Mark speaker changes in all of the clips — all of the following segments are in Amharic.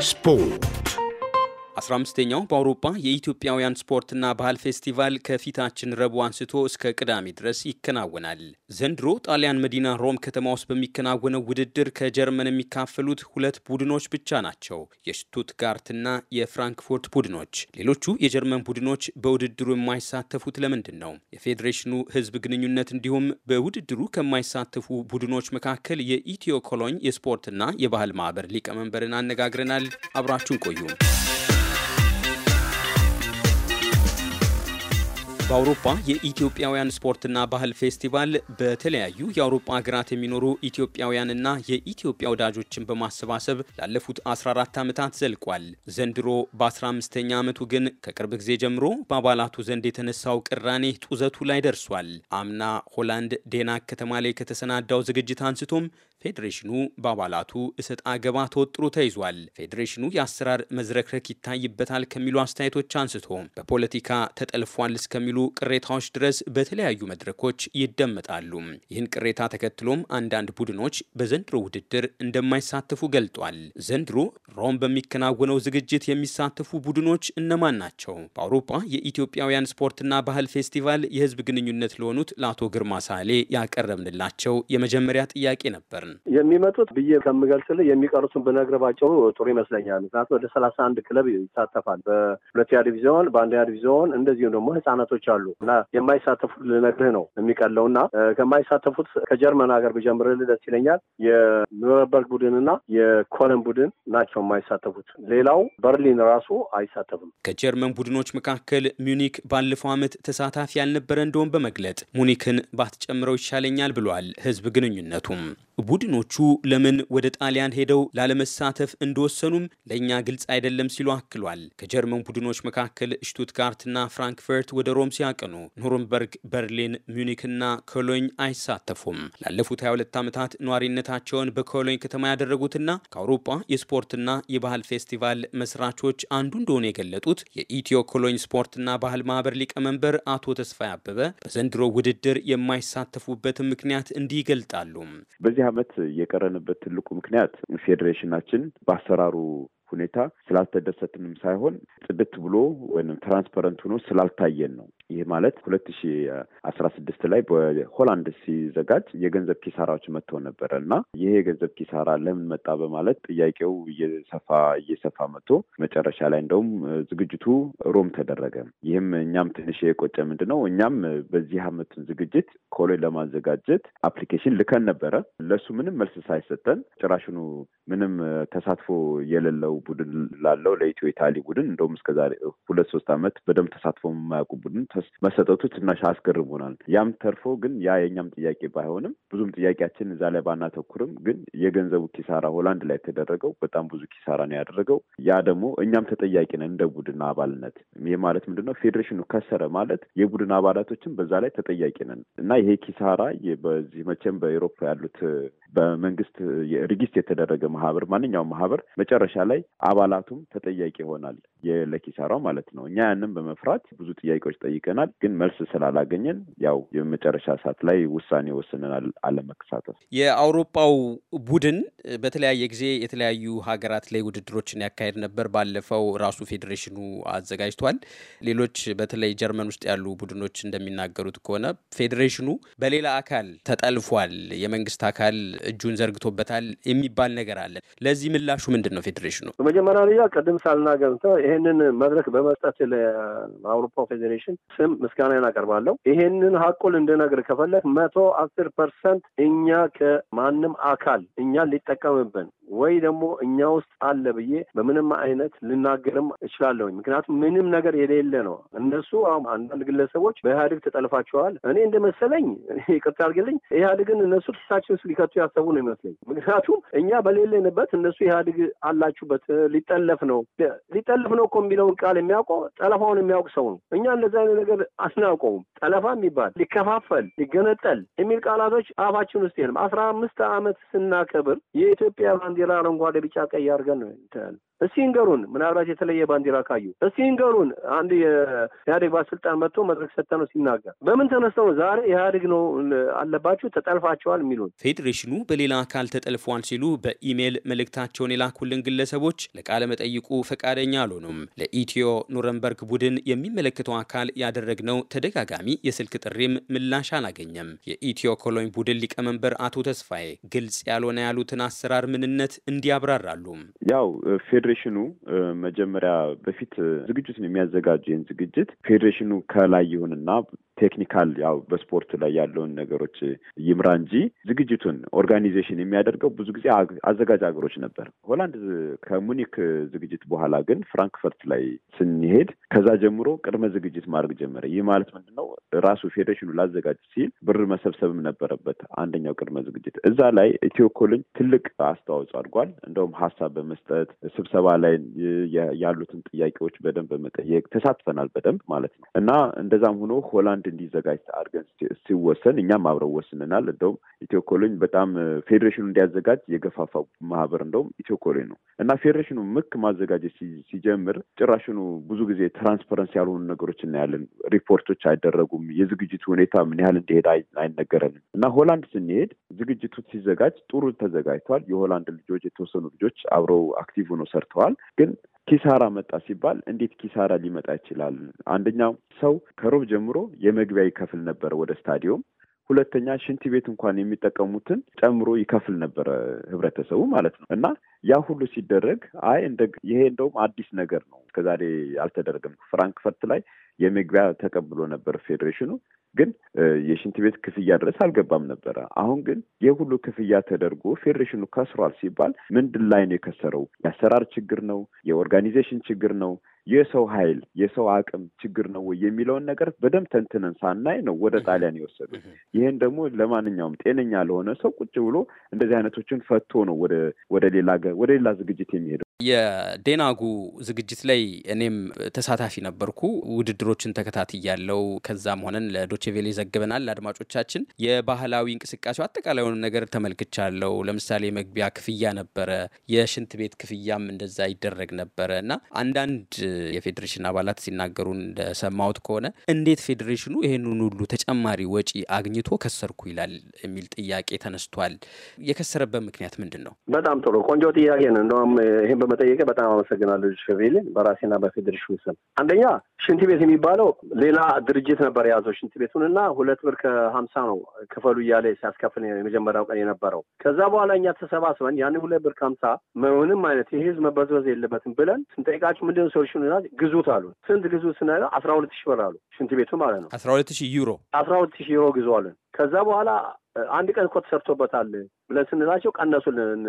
Speaker 1: Sport.
Speaker 2: 15ኛው በአውሮፓ የኢትዮጵያውያን ስፖርትና ባህል ፌስቲቫል ከፊታችን ረቡዕ አንስቶ እስከ ቅዳሜ ድረስ ይከናወናል። ዘንድሮ ጣሊያን መዲና ሮም ከተማ ውስጥ በሚከናወነው ውድድር ከጀርመን የሚካፈሉት ሁለት ቡድኖች ብቻ ናቸው፣ የሽቱትጋርትና የፍራንክፉርት ቡድኖች። ሌሎቹ የጀርመን ቡድኖች በውድድሩ የማይሳተፉት ለምንድን ነው? የፌዴሬሽኑ ህዝብ ግንኙነት እንዲሁም በውድድሩ ከማይሳተፉ ቡድኖች መካከል የኢትዮ ኮሎኝ የስፖርትና የባህል ማህበር ሊቀመንበርን አነጋግረናል። አብራችሁን ቆዩ። በአውሮፓ የኢትዮጵያውያን ስፖርትና ባህል ፌስቲቫል በተለያዩ የአውሮፓ ሀገራት የሚኖሩ ኢትዮጵያውያንና የኢትዮጵያ ወዳጆችን በማሰባሰብ ላለፉት 14 ዓመታት ዘልቋል። ዘንድሮ በ15ኛ ዓመቱ ግን ከቅርብ ጊዜ ጀምሮ በአባላቱ ዘንድ የተነሳው ቅራኔ ጡዘቱ ላይ ደርሷል። አምና ሆላንድ ዴናክ ከተማ ላይ ከተሰናዳው ዝግጅት አንስቶም ፌዴሬሽኑ በአባላቱ እሰጥ አገባ ተወጥሮ ተይዟል። ፌዴሬሽኑ የአሰራር መዝረክረክ ይታይበታል ከሚሉ አስተያየቶች አንስቶ በፖለቲካ ተጠልፏል እስከሚሉ ቅሬታዎች ድረስ በተለያዩ መድረኮች ይደመጣሉ። ይህን ቅሬታ ተከትሎም አንዳንድ ቡድኖች በዘንድሮ ውድድር እንደማይሳተፉ ገልጧል። ዘንድሮ ሮም በሚከናወነው ዝግጅት የሚሳተፉ ቡድኖች እነማን ናቸው? በአውሮፓ የኢትዮጵያውያን ስፖርትና ባህል ፌስቲቫል የህዝብ ግንኙነት ለሆኑት ለአቶ ግርማ ሳሌ ያቀረብንላቸው የመጀመሪያ ጥያቄ ነበር። አይመጡም።
Speaker 3: የሚመጡት ብዬ ከምገልጽልህ የሚቀሩትን ብነግርህ ጥሩ ይመስለኛል። ምክንያቱም ወደ ሰላሳ አንድ ክለብ ይሳተፋል በሁለተኛ ዲቪዚዮን፣ በአንደኛ ዲቪዚዮን እንደዚሁም ደግሞ ህጻናቶች አሉ እና የማይሳተፉት ልነግርህ ነው የሚቀለው እና ከማይሳተፉት ከጀርመን ሀገር ብጀምርልህ ደስ ይለኛል። የኑረንበርግ ቡድንና የኮለን ቡድን ናቸው የማይሳተፉት። ሌላው በርሊን ራሱ አይሳተፍም።
Speaker 2: ከጀርመን ቡድኖች መካከል ሚኒክ ባለፈው ዓመት ተሳታፊ ያልነበረ እንደሆን በመግለጥ ሙኒክን ባትጨምረው ይሻለኛል ብሏል ህዝብ ግንኙነቱም ቡድኖቹ ለምን ወደ ጣሊያን ሄደው ላለመሳተፍ እንደወሰኑም ለእኛ ግልጽ አይደለም ሲሉ አክሏል። ከጀርመን ቡድኖች መካከል ሽቱትጋርትና ፍራንክፈርት ወደ ሮም ሲያቀኑ፣ ኑርንበርግ፣ በርሊን፣ ሚዩኒክና ኮሎኝ አይሳተፉም። ላለፉት 22 ዓመታት ነዋሪነታቸውን በኮሎኝ ከተማ ያደረጉትና ከአውሮፓ የስፖርትና የባህል ፌስቲቫል መስራቾች አንዱ እንደሆኑ የገለጡት የኢትዮ ኮሎኝ ስፖርትና ባህል ማህበር ሊቀመንበር አቶ ተስፋ አበበ በዘንድሮ ውድድር የማይሳተፉበትን ምክንያት እንዲህ ይገልጣሉ።
Speaker 1: ዓመት የቀረንበት ትልቁ ምክንያት ፌዴሬሽናችን በአሰራሩ ሁኔታ ስላልተደሰትንም ሳይሆን ጽድት ብሎ ወይም ትራንስፐረንት ሆኖ ስላልታየን ነው። ይህ ማለት ሁለት ሺ አስራ ስድስት ላይ በሆላንድ ሲዘጋጅ የገንዘብ ኪሳራዎች መጥቶ ነበረ እና ይህ የገንዘብ ኪሳራ ለምን መጣ በማለት ጥያቄው እየሰፋ እየሰፋ መጥቶ መጨረሻ ላይ እንደውም ዝግጅቱ ሮም ተደረገ። ይህም እኛም ትንሽ የቆጨ ምንድን ነው እኛም በዚህ አመቱን ዝግጅት ኮሎ ለማዘጋጀት አፕሊኬሽን ልከን ነበረ። ለእሱ ምንም መልስ ሳይሰጠን ጭራሽኑ ምንም ተሳትፎ የሌለው ቡድን ላለው ለኢትዮ ኢታሊ ቡድን እንደውም እስከዛሬ ሁለት ሶስት ዓመት በደንብ ተሳትፎ የማያውቁ ቡድን መሰጠቱ ትናሽ አስገርሞናል። ያም ተርፎ ግን ያ የእኛም ጥያቄ ባይሆንም ብዙም ጥያቄያችን እዛ ላይ ባናተኩርም ግን የገንዘቡ ኪሳራ ሆላንድ ላይ የተደረገው በጣም ብዙ ኪሳራ ነው ያደረገው። ያ ደግሞ እኛም ተጠያቂ ነን እንደ ቡድን አባልነት። ይህ ማለት ነው? ፌዴሬሽኑ ከሰረ ማለት የቡድን አባላቶችን በዛ ላይ ተጠያቂ ነን እና ይሄ ኪሳራ በዚህ መቼም በኤሮፓ ያሉት በመንግስት ሪጊስት የተደረገ ማህበር ማንኛውም ማህበር መጨረሻ ላይ አባላቱም ተጠያቂ ይሆናል ለኪሳራው ማለት ነው። እኛ ያንን በመፍራት ብዙ ጥያቄዎች ጠይቀናል፣ ግን መልስ ስላላገኘን ያው የመጨረሻ ሰዓት ላይ ውሳኔ ወስነናል አለመከሳተፍ።
Speaker 2: የአውሮፓው ቡድን በተለያየ ጊዜ የተለያዩ ሀገራት ላይ ውድድሮችን ያካሄድ ነበር። ባለፈው ራሱ ፌዴሬሽኑ አዘጋጅቷል። ሌሎች በተለይ ጀርመን ውስጥ ያሉ ቡድኖች እንደሚናገሩት ከሆነ ፌዴሬሽኑ በሌላ አካል ተጠልፏል፣ የመንግስት አካል እጁን ዘርግቶበታል የሚባል ነገር አለ። ለዚህ ምላሹ ምንድን ነው ፌዴሬሽኑ?
Speaker 3: በመጀመሪያ ደረጃ ቅድም ሳልናገርተ ይሄንን መድረክ በመስጠት ለአውሮፓ ፌዴሬሽን ስም ምስጋና አቀርባለሁ። ይሄንን ሀቁል እንድነግር ከፈለግ መቶ አስር ፐርሰንት እኛ ከማንም አካል እኛ ሊጠቀምብን ወይ ደግሞ እኛ ውስጥ አለ ብዬ በምንም አይነት ልናገርም እችላለሁኝ። ምክንያቱም ምንም ነገር የሌለ ነው። እነሱ አሁን አንዳንድ ግለሰቦች በኢህአዴግ ተጠልፋቸዋል። እኔ እንደመሰለኝ ይቅርታ አድርግልኝ፣ ኢህአዴግን እነሱ ትሳችን ሊከቱ ያሰቡ ነው ይመስለኝ። ምክንያቱም እኛ በሌለንበት እነሱ ኢህአዴግ አላችሁበት ሊጠለፍ ነው። ሊጠልፍ ነው እኮ የሚለውን ቃል የሚያውቀው ጠለፋውን የሚያውቅ ሰው ነው። እኛ እንደዚህ አይነት ነገር አስናውቀውም። ጠለፋ የሚባል ሊከፋፈል፣ ሊገነጠል የሚል ቃላቶች አፋችን ውስጥ የለም። አስራ አምስት ዓመት ስናከብር የኢትዮጵያ ባንዲራ አረንጓዴ፣ ቢጫ፣ ቀይ አድርገን ነው እስቲ እንገሩን፣ ምናልባት የተለየ ባንዲራ ካዩ እስቲ እንገሩን። አንድ የኢህአዴግ ባለስልጣን መጥቶ መድረክ ሰጠ ነው ሲናገር በምን ተነስተው ዛሬ ኢህአዴግ ነው አለባችሁ ተጠልፋቸዋል የሚሉን?
Speaker 2: ፌዴሬሽኑ በሌላ አካል ተጠልፏል ሲሉ በኢሜይል መልእክታቸውን የላኩልን ግለሰቦች ለቃለ መጠይቁ ፈቃደኛ አልሆኑም። ለኢትዮ ኑረንበርግ ቡድን የሚመለከተው አካል ያደረግነው ተደጋጋሚ የስልክ ጥሪም ምላሽ አላገኘም። የኢትዮ ኮሎኝ ቡድን ሊቀመንበር አቶ ተስፋዬ ግልጽ ያልሆነ ያሉትን አሰራር ምንነት እንዲያብራራሉ።
Speaker 1: ያው ፌዴሬሽኑ መጀመሪያ በፊት ዝግጅቱን የሚያዘጋጀን ዝግጅት ፌዴሬሽኑ ከላይ ይሁንና ቴክኒካል ያው በስፖርቱ ላይ ያለውን ነገሮች ይምራ እንጂ ዝግጅቱን ኦርጋኒዜሽን የሚያደርገው ብዙ ጊዜ አዘጋጅ ሀገሮች ነበር። ሆላንድ ከሙኒክ ዝግጅት በኋላ ግን ፍራንክፈርት ላይ ስንሄድ ከዛ ጀምሮ ቅድመ ዝግጅት ማድረግ ጀመረ። ይህ ማለት ምንድን ነው? ራሱ ፌዴሬሽኑ ላዘጋጅ ሲል ብር መሰብሰብም ነበረበት። አንደኛው ቅድመ ዝግጅት እዛ ላይ ኢትዮ ትልቅ አስተዋጽኦ አድርጓል። እንደውም ሀሳብ በመስጠት ስብሰባ ላይ ያሉትን ጥያቄዎች በደንብ በመጠየቅ ተሳትፈናል፣ በደንብ ማለት ነው እና እንደዛም ሆኖ ሆላንድ እንዲዘጋጅ አድርገን ሲወሰን እኛም አብረው ወስንናል። እንደውም ኢትዮ ኮሎኝ በጣም ፌዴሬሽኑ እንዲያዘጋጅ የገፋፋ ማህበር እንደውም ኢትዮ ኮሎኝ ነው እና ፌዴሬሽኑ ምክ ማዘጋጀት ሲጀምር ጭራሽኑ ብዙ ጊዜ ትራንስፐረንስ ያልሆኑ ነገሮች እናያለን። ሪፖርቶች አይደረጉም። የዝግጅቱ ሁኔታ ምን ያህል እንደሄደ አይነገረንም እና ሆላንድ ስንሄድ ዝግጅቱ ሲዘጋጅ ጥሩ ተዘጋጅቷል። የሆላንድ ልጆች የተወሰኑ ልጆች አብረው አክቲቭ ሆነው ሰርተዋል። ግን ኪሳራ መጣ ሲባል እንዴት ኪሳራ ሊመጣ ይችላል? አንደኛው ሰው ከሮብ ጀምሮ የመግቢያ ይከፍል ነበር ወደ ስታዲዮም። ሁለተኛ ሽንት ቤት እንኳን የሚጠቀሙትን ጨምሮ ይከፍል ነበረ ህብረተሰቡ ማለት ነው። እና ያ ሁሉ ሲደረግ አይ እንደ ይሄ እንደውም አዲስ ነገር ነው፣ እስከዛሬ አልተደረገም። ፍራንክፈርት ላይ የመግቢያ ተቀብሎ ነበር ፌዴሬሽኑ። ግን የሽንት ቤት ክፍያ ድረስ አልገባም ነበረ። አሁን ግን የሁሉ ክፍያ ተደርጎ ፌዴሬሽኑ ከስሯል ሲባል ምንድን ላይ ነው የከሰረው? የአሰራር ችግር ነው? የኦርጋኒዜሽን ችግር ነው የሰው ኃይል የሰው አቅም ችግር ነው ወይ የሚለውን ነገር በደንብ ተንትነን ሳናይ ነው ወደ ጣሊያን የወሰዱ ይህን ደግሞ ለማንኛውም ጤነኛ ለሆነ ሰው ቁጭ ብሎ እንደዚህ አይነቶችን ፈቶ ነው ወደ ሌላ ወደ ሌላ ዝግጅት የሚሄደው።
Speaker 2: የዴናጉ ዝግጅት ላይ እኔም ተሳታፊ ነበርኩ። ውድድሮችን ተከታትያለው። ከዛም ሆነን ለዶቼቬሌ ዘግበናል። ለአድማጮቻችን የባህላዊ እንቅስቃሴው አጠቃላዩን ነገር ተመልክቻለው። ለምሳሌ የመግቢያ ክፍያ ነበረ፣ የሽንት ቤት ክፍያም እንደዛ ይደረግ ነበረ እና አንዳንድ የፌዴሬሽን አባላት ሲናገሩ እንደሰማሁት ከሆነ እንዴት ፌዴሬሽኑ ይህንን ሁሉ ተጨማሪ ወጪ አግኝቶ ከሰርኩ ይላል የሚል ጥያቄ ተነስቷል። የከሰረበት ምክንያት ምንድን ነው?
Speaker 3: በጣም ጥሩ ቆንጆ ጥያቄ ነው። በመጠየቀ በጣም አመሰግናለሁ። ሸቬል በራሴና በፌዴሬሽኑ ስም አንደኛ ሽንት ቤት የሚባለው ሌላ ድርጅት ነበር የያዘው ሽንት ቤቱን እና ሁለት ብር ከሀምሳ ነው ክፈሉ እያለ ሲያስከፍል የመጀመሪያው ቀን የነበረው። ከዛ በኋላ እኛ ተሰባስበን ያን ሁለት ብር ከሀምሳ ምንም አይነት የህዝብ መበዝበዝ የለበትም ብለን ስንጠይቃቸው ምንድነው ና ግዙት አሉ። ስንት ግዙ ስናለ አስራ ሁለት ሺ ብር አሉ ሽንት ቤቱ ማለት ነው።
Speaker 2: አስራ ሁለት ሺ ዩሮ
Speaker 3: አስራ ሁለት ሺ ዩሮ ግዙ አለን። ከዛ በኋላ አንድ ቀን እኮ ተሰርቶበታል ብለን ስንላቸው ቀነሱልን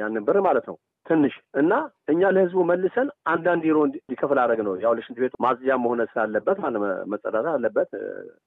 Speaker 3: ያን ብር ማለት ነው ትንሽ እና እኛ ለህዝቡ መልሰን አንዳንድ ዩሮ እንዲከፍል አደረግ ነው። ያው ለሽንት ቤት ማጽጃ መሆነ ስላለበት መጸዳዳት አለበት።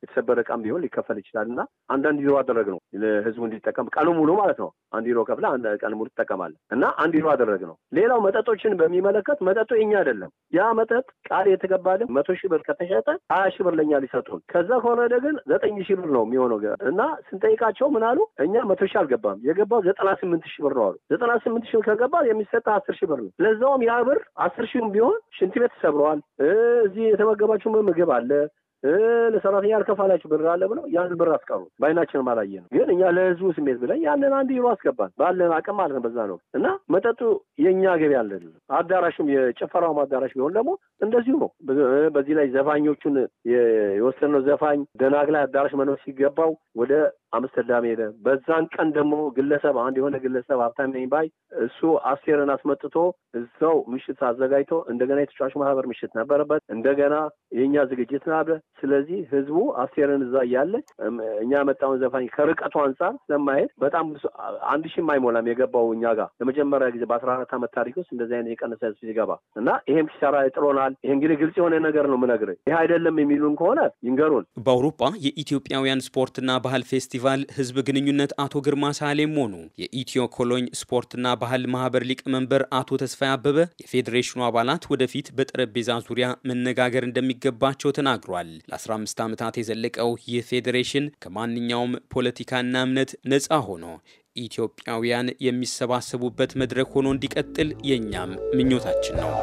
Speaker 3: የተሰበረ እቃም ቢሆን ሊከፈል ይችላል እና አንዳንድ ዩሮ አደረግ ነው ለህዝቡ እንዲጠቀም ቀኑ ሙሉ ማለት ነው። አንድ ዩሮ ከፍለ ቀን ሙሉ ትጠቀማለ እና አንድ ዩሮ አደረግ ነው። ሌላው መጠጦችን በሚመለከት መጠጡ የኛ አይደለም። ያ መጠጥ ቃል የተገባልን መቶ ሺህ ብር ከተሸጠ ሀያ ሺህ ብር ለእኛ ሊሰጡን፣ ከዛ ከወረደ ግን ዘጠኝ ሺህ ብር ነው የሚሆነው እና ስንጠይቃቸው ምን አሉ እኛ መቶ ሺህ አልገባም ከገባ ዘጠና ስምንት ሺህ ብር ነው አሉ። ዘጠና ስምንት ሺህ ከገባ የሚሰጠ አስር ሺህ ብር ነው። ለዛውም ያ ብር አስር ሺህም ቢሆን ሽንት ቤት ተሰብረዋል። እዚህ የተመገባችሁ ምግብ አለ ለሰራተኛ ያልከፋላችሁ ብር አለ ብለው ያን ብር አስቀሩ። በአይናችንም አላየ ነው፣ ግን እኛ ለህዝቡ ስሜት ብለን ያንን አንድ ዩሮ አስገባን ባለን አቅም ማለት ነው። በዛ ነው እና መጠጡ የእኛ ገቢ አለን። አዳራሹም የጭፈራውም አዳራሽ ቢሆን ደግሞ እንደዚሁ ነው። በዚህ ላይ ዘፋኞቹን የወሰነው ዘፋኝ ደናግ ላይ አዳራሽ መኖር ሲገባው ወደ አምስተርዳም ሄደ። በዛን ቀን ደግሞ ግለሰብ አንድ የሆነ ግለሰብ ሀብታም ነኝ ባይ እሱ አስቴርን አስመጥቶ እዛው ምሽት አዘጋጅቶ እንደገና የተጫዋች ማህበር ምሽት ነበረበት። እንደገና የእኛ ዝግጅት አለ። ስለዚህ ህዝቡ አስቴርን እዛ እያለ እኛ መጣውን ዘፋኝ ከርቀቱ አንጻር ስለማሄድ በጣም አንድ ሺህም አይሞላም የገባው እኛ ጋር ለመጀመሪያ ጊዜ በአስራ አራት ዓመት ታሪክ ውስጥ እንደዚህ አይነት የቀነሰ ህዝብ ሲገባ እና ይሄም ሲሰራ ይጥሎናል። ይሄ እንግዲህ ግልጽ የሆነ ነገር ነው ምነግር ይሄ አይደለም የሚሉን ከሆነ ይንገሩን።
Speaker 2: በአውሮፓ የኢትዮጵያውያን ስፖርትና ባህል ፌስቲቫል ህዝብ ግንኙነት አቶ ግርማ ሳሌም ሆኑ የኢትዮ ኮሎኝ ስፖርትና ባህል ማህበር ሊቀመንበር አቶ ተስፋ አበበ የፌዴሬሽኑ አባላት ወደፊት በጠረጴዛ ዙሪያ መነጋገር እንደሚገባቸው ተናግሯል። ለ15 ዓመታት የዘለቀው ይህ ፌዴሬሽን ከማንኛውም ፖለቲካና እምነት ነፃ ሆኖ ኢትዮጵያውያን የሚሰባሰቡበት መድረክ ሆኖ እንዲቀጥል የእኛም ምኞታችን ነው።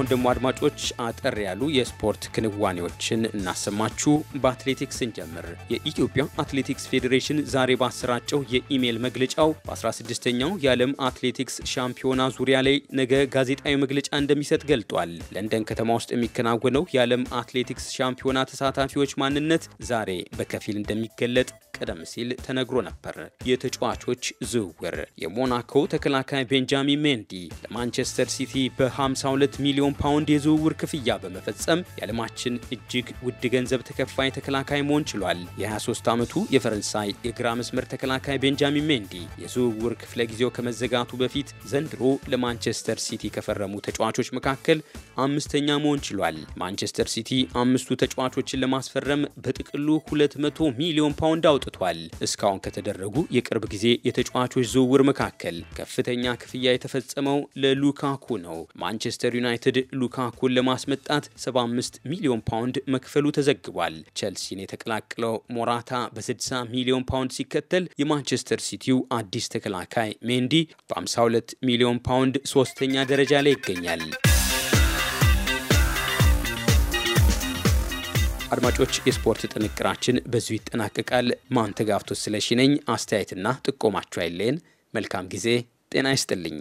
Speaker 2: አሁን ደግሞ አድማጮች አጠር ያሉ የስፖርት ክንዋኔዎችን እናሰማችሁ። በአትሌቲክስ እንጀምር። የኢትዮጵያ አትሌቲክስ ፌዴሬሽን ዛሬ ባሰራጨው የኢሜይል መግለጫው በ16ኛው የዓለም አትሌቲክስ ሻምፒዮና ዙሪያ ላይ ነገ ጋዜጣዊ መግለጫ እንደሚሰጥ ገልጧል። ለንደን ከተማ ውስጥ የሚከናወነው የዓለም አትሌቲክስ ሻምፒዮና ተሳታፊዎች ማንነት ዛሬ በከፊል እንደሚገለጥ ቀደም ሲል ተነግሮ ነበር። የተጫዋቾች ዝውውር የሞናኮ ተከላካይ ቤንጃሚን ሜንዲ ለማንቸስተር ሲቲ በ52 ሚሊዮን ፓውንድ የዝውውር ክፍያ በመፈጸም የዓለማችን እጅግ ውድ ገንዘብ ተከፋይ ተከላካይ መሆን ችሏል። የ23 ዓመቱ የፈረንሳይ የግራ መስመር ተከላካይ ቤንጃሚን ሜንዲ የዝውውር ክፍለ ጊዜው ከመዘጋቱ በፊት ዘንድሮ ለማንቸስተር ሲቲ ከፈረሙ ተጫዋቾች መካከል አምስተኛ መሆን ችሏል። ማንቸስተር ሲቲ አምስቱ ተጫዋቾችን ለማስፈረም በጥቅሉ 200 ሚሊዮን ፓውንድ አውጥ አውጥቷል። እስካሁን ከተደረጉ የቅርብ ጊዜ የተጫዋቾች ዝውውር መካከል ከፍተኛ ክፍያ የተፈጸመው ለሉካኩ ነው። ማንቸስተር ዩናይትድ ሉካኩን ለማስመጣት 75 ሚሊዮን ፓውንድ መክፈሉ ተዘግቧል። ቸልሲን የተቀላቀለው ሞራታ በ60 ሚሊዮን ፓውንድ ሲከተል የማንቸስተር ሲቲው አዲስ ተከላካይ ሜንዲ በ52 ሚሊዮን ፓውንድ ሶስተኛ ደረጃ ላይ ይገኛል። አድማጮች፣ የስፖርት ጥንቅራችን በዚሁ ይጠናቀቃል። ማንተጋፍቶ ስለሺ ነኝ። አስተያየትና ጥቆማችሁ አይለየን። መልካም ጊዜ። ጤና ይስጥልኝ።